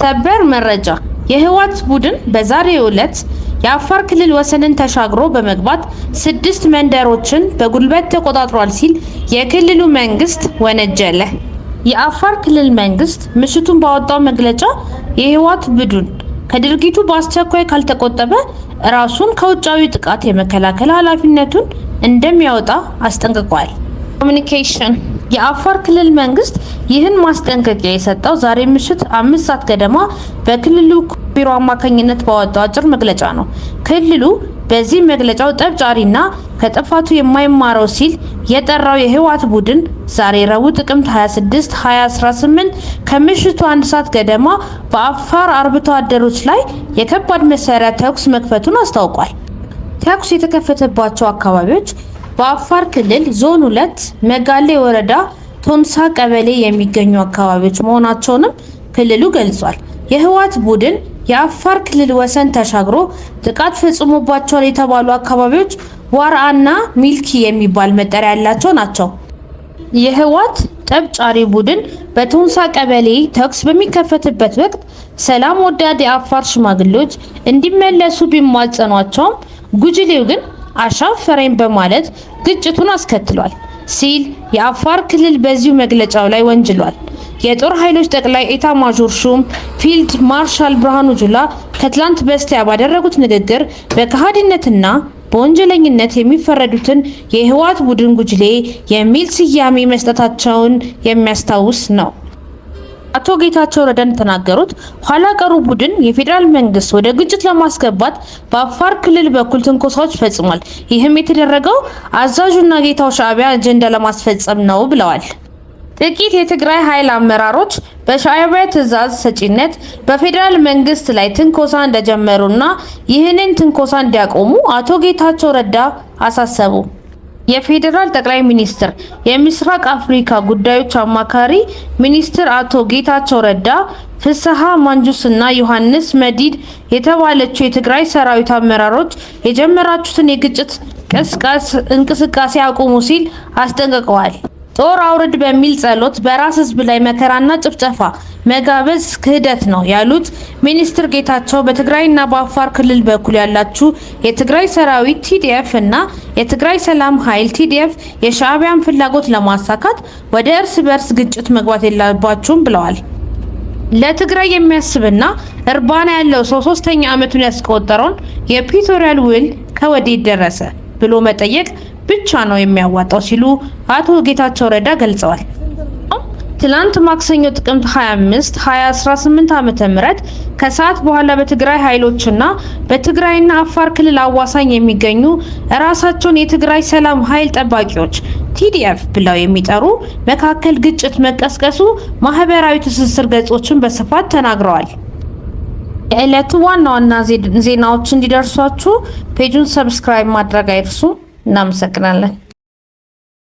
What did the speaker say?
ሰበር መረጃ የህወሓት ቡድን በዛሬው ዕለት የአፋር ክልል ወሰንን ተሻግሮ በመግባት ስድስት መንደሮችን በጉልበት ተቆጣጥሯል ሲል የክልሉ መንግስት ወነጀለ። የአፋር ክልል መንግስት ምሽቱን ባወጣው መግለጫ የህወሓት ቡድን ከድርጊቱ በአስቸኳይ ካልተቆጠበ ራሱን ከውጫዊ ጥቃት የመከላከል ኃላፊነቱን እንደሚያወጣ አስጠንቅቋል። ኮሚኒኬሽን የአፋር ክልል መንግስት ይህን ማስጠንቀቂያ የሰጠው ዛሬ ምሽት አምስት ሰዓት ገደማ በክልሉ ቢሮ አማካኝነት ባወጣው አጭር መግለጫ ነው። ክልሉ በዚህ መግለጫው ጠብጫሪና ከጥፋቱ የማይማረው ሲል የጠራው የህወሓት ቡድን ዛሬ ረቡዕ ጥቅምት 26 2018 ከምሽቱ አንድ ሰዓት ገደማ በአፋር አርብቶ አደሮች ላይ የከባድ መሳሪያ ተኩስ መክፈቱን አስታውቋል። ተኩስ የተከፈተባቸው አካባቢዎች በአፋር ክልል ዞን ሁለት መጋሌ ወረዳ ቶንሳ ቀበሌ የሚገኙ አካባቢዎች መሆናቸውንም ክልሉ ገልጿል። የህወሓት ቡድን የአፋር ክልል ወሰን ተሻግሮ ጥቃት ፈጽሞባቸዋል የተባሉ አካባቢዎች ዋርአና ሚልኪ የሚባል መጠሪያ ያላቸው ናቸው። የህወሓት ጠብጫሪ ቡድን በቶንሳ ቀበሌ ተኩስ በሚከፈትበት ወቅት ሰላም ወዳድ የአፋር ሽማግሌዎች እንዲመለሱ ቢማጸኗቸውም ጉጅሌው ግን አሻፈረኝ በማለት ግጭቱን አስከትሏል ሲል የአፋር ክልል በዚሁ መግለጫው ላይ ወንጅሏል። የጦር ኃይሎች ጠቅላይ ኤታ ማዦር ሹም ፊልድ ማርሻል ብርሃኑ ጁላ ከትላንት በስቲያ ባደረጉት ንግግር በከሃዲነትና በወንጀለኝነት የሚፈረዱትን የህወሓት ቡድን ጉጅሌ የሚል ስያሜ መስጠታቸውን የሚያስታውስ ነው። አቶ ጌታቸው ረዳ እንደተናገሩት ኋላ ቀሩ ቡድን የፌዴራል መንግስት ወደ ግጭት ለማስገባት በአፋር ክልል በኩል ትንኮሳዎች ፈጽሟል። ይህም የተደረገው አዛዡና ጌታው ሻዕቢያ አጀንዳ ለማስፈጸም ነው ብለዋል። ጥቂት የትግራይ ኃይል አመራሮች በሻዕቢያ ትዕዛዝ ሰጪነት በፌዴራል መንግስት ላይ ትንኮሳ እንደጀመሩና ይህንን ትንኮሳ እንዲያቆሙ አቶ ጌታቸው ረዳ አሳሰቡ። የፌዴራል ጠቅላይ ሚኒስትር የምስራቅ አፍሪካ ጉዳዮች አማካሪ ሚኒስትር አቶ ጌታቸው ረዳ ፍስሐ ማንጁስና ዮሐንስ መዲድ የተባለችው የትግራይ ሰራዊት አመራሮች የጀመራችሁትን የግጭት ቅስቀስ እንቅስቃሴ አቁሙ ሲል አስጠንቅቀዋል። ጦር አውርድ በሚል ጸሎት በራስ ህዝብ ላይ መከራና ጭፍጨፋ መጋበዝ ክህደት ነው ያሉት ሚኒስትር ጌታቸው በትግራይና በአፋር ክልል በኩል ያላችሁ የትግራይ ሰራዊት ቲዲኤፍ እና የትግራይ ሰላም ኃይል ቲዲኤፍ የሻዕቢያን ፍላጎት ለማሳካት ወደ እርስ በርስ ግጭት መግባት የለባችሁም ብለዋል። ለትግራይ የሚያስብና እርባና ያለው ሰው ሶስተኛ ዓመቱን ያስቆጠረውን የፕሪቶሪያል ውል ከወዴት ደረሰ ብሎ መጠየቅ ብቻ ነው የሚያዋጣው ሲሉ አቶ ጌታቸው ረዳ ገልጸዋል። ትላንት ማክሰኞ ጥቅምት 25 2018 ዓመተ ምህረት ከሰዓት በኋላ በትግራይ ኃይሎችና በትግራይና አፋር ክልል አዋሳኝ የሚገኙ ራሳቸውን የትግራይ ሰላም ኃይል ጠባቂዎች ቲዲኤፍ ብለው የሚጠሩ መካከል ግጭት መቀስቀሱ ማህበራዊ ትስስር ገጾችን በስፋት ተናግረዋል። የዕለቱ ዋና ዋና ዜናዎች እንዲደርሷችሁ ፔጁን ሰብስክራይብ ማድረግ አይርሱ። እናመሰግናለን።